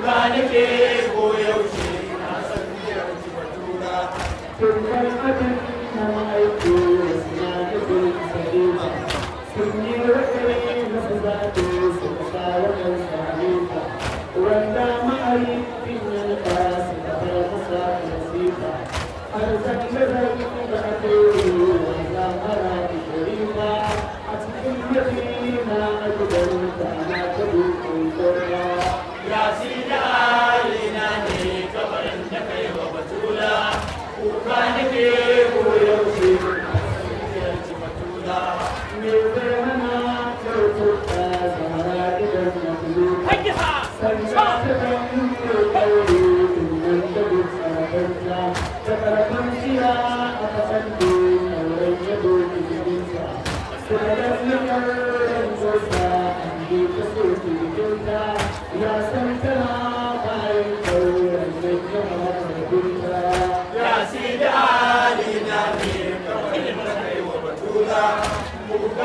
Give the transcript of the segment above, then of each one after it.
kuka nake ko yaushe na san biyar ki batura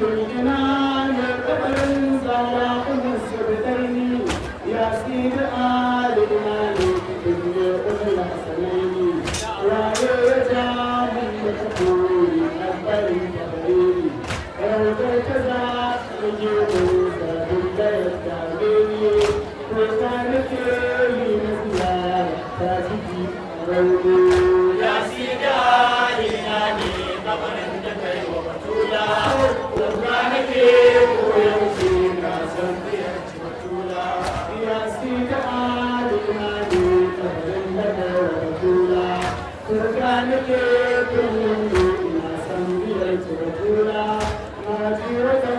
Children Thank you.